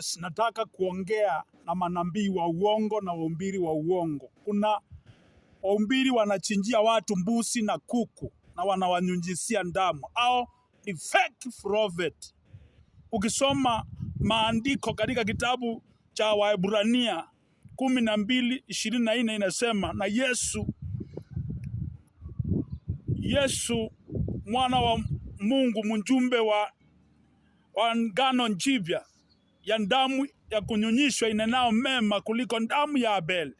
Yes, nataka kuongea na manabii wa uongo na waumbiri wa uongo. Kuna waumbiri wanachinjia watu mbusi na kuku na wanawanyunjisia damu, au ni fake prophet. Ukisoma maandiko katika kitabu cha Waebrania kumi na mbili ishirini na nne inasema na Yesu, Yesu mwana wa Mungu mjumbe wa wa ngano njivya ya damu ya kunyunyishwa inanao mema kuliko damu ya Abel.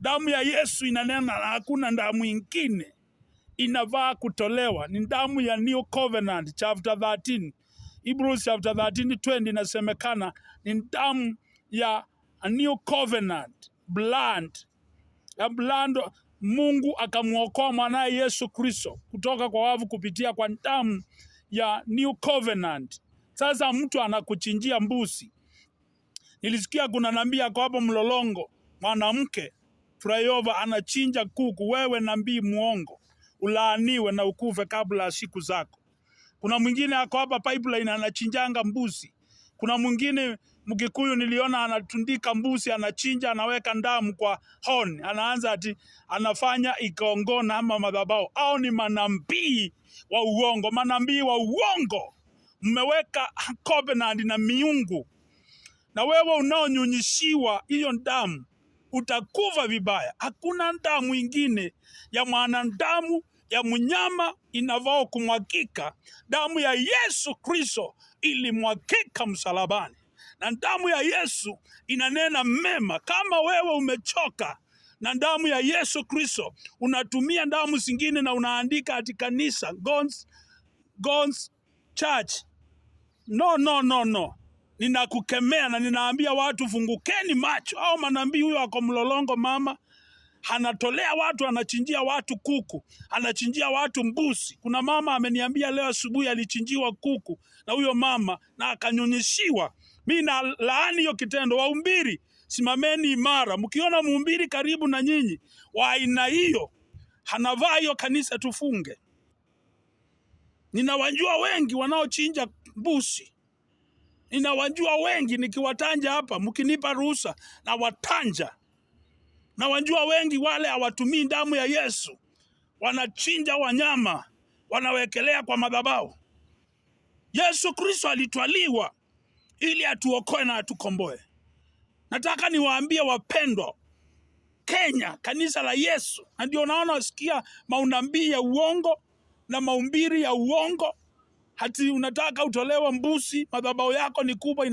Damu ya Yesu inanena, hakuna damu ingine inavaa kutolewa, ni damu ya New Covenant chapter 13 Hebrews chapter 13:20 inasemekana ni damu ya a New Covenant blood ya blood. Mungu akamwokoa mwanaye Yesu Kristo kutoka kwa wavu kupitia kwa damu ya New Covenant sasa mtu anakuchinjia mbuzi. Nilisikia kuna nambia kwa hapo Mlolongo, mwanamke flyover anachinja kuku. Wewe nambii muongo, ulaaniwe na ukufe kabla ya siku zako. Kuna mwingine ako hapa pipeline anachinjanga mbuzi. Kuna mwingine Mkikuyu niliona anatundika mbuzi, anachinja, anaweka damu kwa horn, anaanza ati anafanya ikongona ama madhabao. Au ni manambii wa uongo, manambii wa uongo mmeweka covenant na miungu, na wewe unaonyunyishiwa hiyo damu utakuva vibaya. Hakuna damu ingine ya mwanadamu ya mnyama inavao kumwakika, damu ya Yesu Kristo ilimwakika msalabani, na damu ya Yesu inanena mema. Kama wewe umechoka na damu ya Yesu Kristo, unatumia damu zingine na unaandika ati kanisa Gons, Gons Church No, no, no, no. Ninakukemea na ninaambia watu fungukeni macho. Au manambii huyo ako mlolongo mama, anatolea watu, anachinjia watu kuku, anachinjia watu mbusi. Kuna mama ameniambia leo asubuhi alichinjiwa kuku na huyo mama na akanyonyeshiwa. Mi na laani hiyo kitendo. Waumbiri, simameni imara, mkiona muumbiri karibu na nyinyi wa aina hiyo hanavaa hiyo kanisa, tufunge. Ninawajua wengi wanaochinja Mbusi. Ninawajua wengi, nikiwatanja hapa, mkinipa ruhusa na watanja. Nawajua wengi wale hawatumii damu ya Yesu, wanachinja wanyama, wanawekelea kwa madhabahu. Yesu Kristo alitwaliwa ili atuokoe na atukomboe. Nataka niwaambie wapendwa, Kenya, kanisa la Yesu, na ndio unaona wasikia maunambii ya uongo na maumbiri ya uongo hati unataka utolewa mbusi, madhabahu yako ni kubwa ina